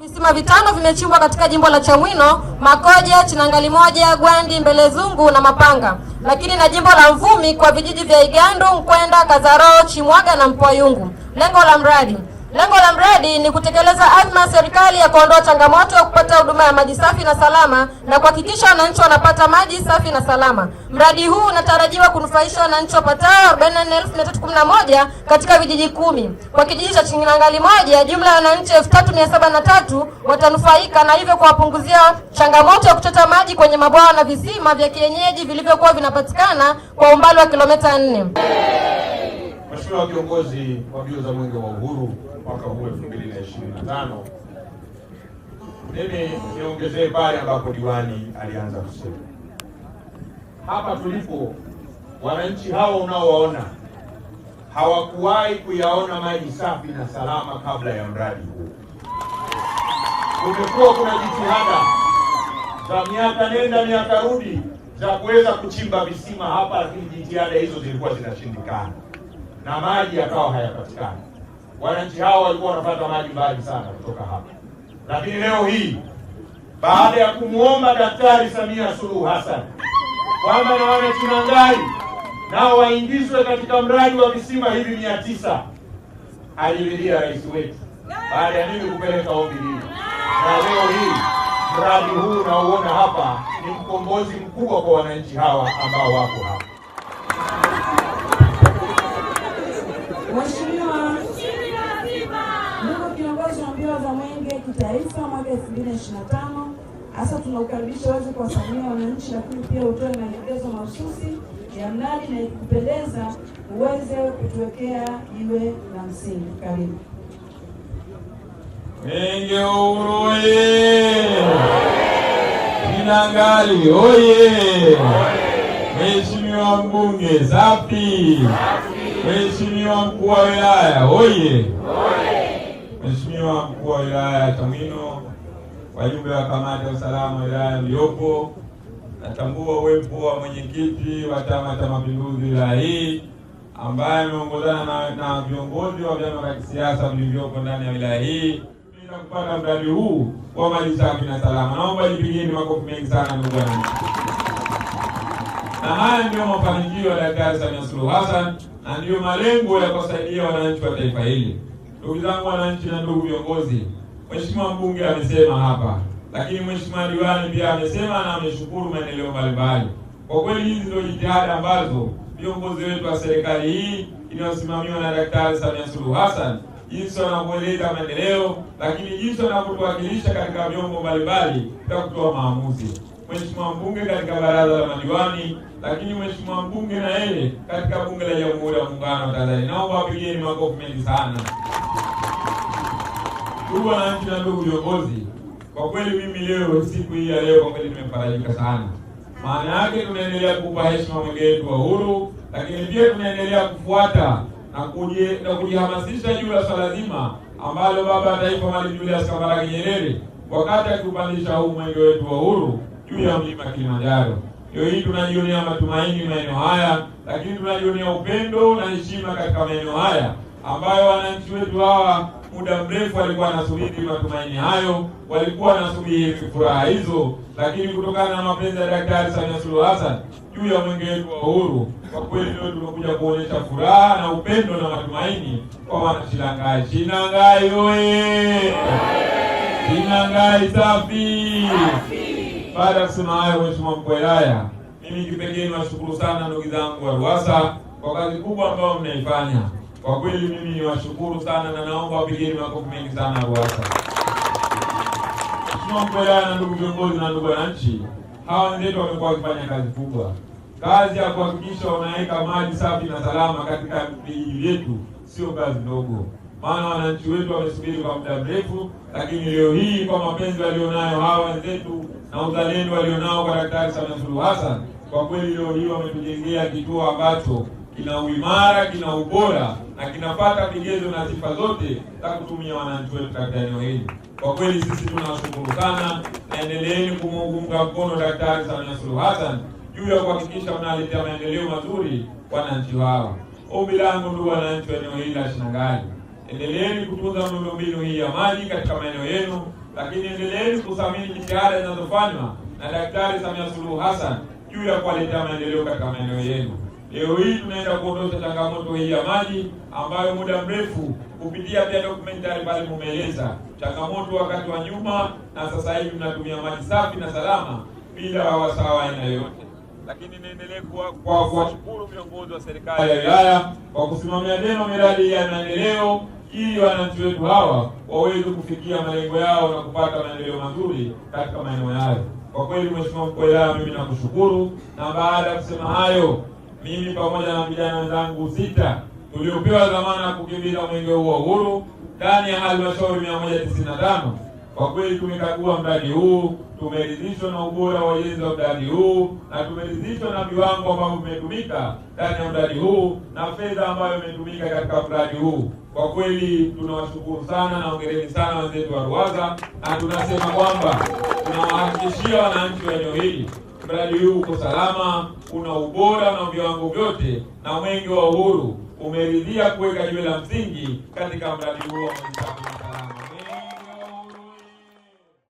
visima vitano vimechimbwa katika jimbo la Chamwino, Makoje, Chinangali moja, Gwandi, Mbelezungu na Mapanga, lakini na jimbo la Mvumi kwa vijiji vya Igandu, Mkwenda, Kazaroo, Chimwaga na Mpoyungu. Lengo la mradi Lengo la mradi ni kutekeleza azma ya serikali ya kuondoa changamoto ya kupata huduma ya maji safi na salama na kuhakikisha wananchi wanapata maji safi na salama. Mradi huu unatarajiwa kunufaisha wananchi wapatao 44,311 katika vijiji kumi. Kwa kijiji cha Chingilangali moja, jumla ya wananchi 3,773 watanufaika na hivyo kuwapunguzia changamoto ya kuchota maji kwenye mabwawa na visima vya kienyeji vilivyokuwa vinapatikana kwa umbali wa kilomita 4. Mheshimiwa kiongozi wa mbio za mwenge wa uhuru mwaka huu 2025, mimi niongezee pale ambapo diwani alianza kusema. Hapa tulipo wananchi hao unaowaona hawakuwahi kuyaona maji safi na salama kabla ya mradi huu. Kumekuwa kuna jitihada za miaka nenda miaka rudi za kuweza kuchimba visima hapa, lakini jitihada hizo zilikuwa zinashindikana na maji yakawa hayapatikani. Wananchi hao walikuwa wanapata maji mbali sana kutoka hapa, lakini leo hii baada ya kumwomba Daktari Samia Suluhu Hassan kwamba na wana nao waingizwe katika mradi wa visima hivi mia tisa aliridhia rais wetu baada ya mimi kupeleka ombi hili, na leo hii mradi huu unauona hapa ni mkombozi mkubwa kwa wananchi hawa ambao wako hapa. Mheshimiwa ndugu kiongozi wa mbio za mwenge kitaifa mwaka 2025, hasa tunaukaribisha wazi kuwasamia wananchi, lakini pia utoe maelekezo mahususi ya mradi na ikupendeza uweze kutuwekea iwe la msingi. Karibu. Mwenge Uhuru oye! Kinangali oye! Mheshimiwa mbunge zapi! Mheshimiwa mkuu wa wilaya oye! Mheshimiwa mkuu wa wilaya ya Chamwino, wajumbe wa kamati ya usalama wilaya mliopo, natambua uwepo wa mwenyekiti wa Chama cha Mapinduzi wilaya hii ambaye ameongozana na viongozi wa vyama vya kisiasa vilivyopo ndani ya wilaya hii na kupata mradi huu wa maji safi na salama. Naomba jipigeni makofi mengi sana ndugu wananchi, na haya ndio mafanikio ya Daktari Samia Suluhu Hassan na ndiyo malengo ya kuwasaidia wananchi wa taifa hili. Ndugu zangu wananchi na ndugu viongozi, Mheshimiwa mbunge amesema hapa, lakini Mheshimiwa diwani pia amesema na ameshukuru maendeleo mbalimbali. Kwa kweli hizi ndio jitihada ambazo viongozi wetu wa serikali hii inayosimamiwa na Daktari Samia Suluhu Hassan jinsi wanavyoeleza maendeleo, lakini jinsi wanavyotuwakilisha katika vyombo mbalimbali vya kutoa maamuzi mheshimiwa mbunge katika baraza la madiwani, lakini mheshimiwa mbunge na yeye katika bunge la Jamhuri ya Muungano wa Tanzania. Naomba wapigieni makofi mengi sana. Ndugu wananchi na ndugu viongozi, kwa kweli mimi leo, siku hii ya leo, kwa kweli nimefarajika sana. Maana yake tunaendelea kupa heshima mwenge wetu wa uhuru, lakini pia tunaendelea kufuata na kujihamasisha juu ya swala zima ambalo baba taifa Mwalimu Julius Kambarage Nyerere wakati akiupandisha huu mwenge wetu wa uhuru juu ya mlima Kilimanjaro. Leo hii tunajionea matumaini maeneo haya, lakini tunajionea upendo na heshima katika maeneo haya ambayo wananchi wetu hawa muda mrefu walikuwa wanasubiri matumaini hayo, walikuwa wanasubiri furaha hizo, lakini kutokana na mapenzi ya Daktari Samia Suluhu Hassan juu ya mwenge wetu wa uhuru, kwa kweli leo tumekuja kuonyesha furaha na upendo na matumaini kwa wanaChilangai. shinangai oye! Shilangai safi! Baada ya kusema hayo, mheshimiwa mkuu wa wilaya, mimi kipekee niwashukuru sana ndugu zangu wa RUWASA kwa kazi kubwa ambayo mnaifanya. Kwa kweli mimi niwashukuru sana na naomba wapigeni makofi mengi sana RUWASA. Mheshimiwa mkuu wa wilaya na ndugu viongozi na ndugu wananchi, hawa wenzetu wamekuwa wakifanya kazi kubwa, kazi ya kuhakikisha wanaweka maji safi na salama katika vijiji vyetu, sio kazi ndogo maana wananchi wetu wamesubiri kwa muda mrefu, lakini leo hii kwa mapenzi walionayo hawa wenzetu na uzalendo walionao kwa Daktari Samia Suluhu Hassan, kwa kweli leo hii wametujengea kituo ambacho kina uimara, kina ubora na kinapata vigezo na sifa zote za kutumia wananchi wetu katika eneo hili. Kwa kweli sisi tunashukuru sana, na endeleeni kumuunga mkono Daktari Samia Suluhu Hassan juu ya kuhakikisha mnaletea maendeleo mazuri wananchi wao. Ombi langu ndugu wananchi wa eneo hili la Shinangali Endeleeni kutunza miundombinu hii ya maji katika maeneo yenu, lakini endeleeni kuthamini jitihada zinazofanywa na Daktari Samia Suluhu Hassan juu ya kuwaletea maendeleo katika maeneo yenu. Leo hii tunaenda kuondosha changamoto hii ya maji ambayo muda mrefu kupitia pia documentary pale mumeeleza changamoto wakati wa nyuma, na sasa hivi mnatumia maji safi na salama bila wasawa aina yoyote. Lakini niendelee kuwashukuru viongozi wa serikali ya wilaya kwa kusimamia neno miradi ya maendeleo ili wananchi wetu hawa waweze kufikia malengo yao na kupata maendeleo mazuri katika maeneo yayo. Kwa kweli, Mheshimiwa Mkuu wa Wilaya, mimi nakushukuru. Na baada ya kusema hayo, mimi pamoja na vijana wenzangu sita tuliopewa dhamana ya kukimbiza mwenge huo uhuru ndani ya halmashauri mia moja tisini na tano kwa kweli tumekagua mradi huu, tumeridhishwa na ubora wa ujenzi wa mradi huu na tumeridhishwa na viwango ambavyo vimetumika ndani ya mradi huu na fedha ambayo imetumika katika mradi huu. Kwa kweli tunawashukuru sana na ongereni sana wenzetu wa ruwaza na tunasema kwamba tunawahakikishia wananchi wa eneo hili mradi huu uko salama, una ubora na viwango vyote, na mwenge wa uhuru umeridhia kuweka jiwe la msingi katika mradi huu wa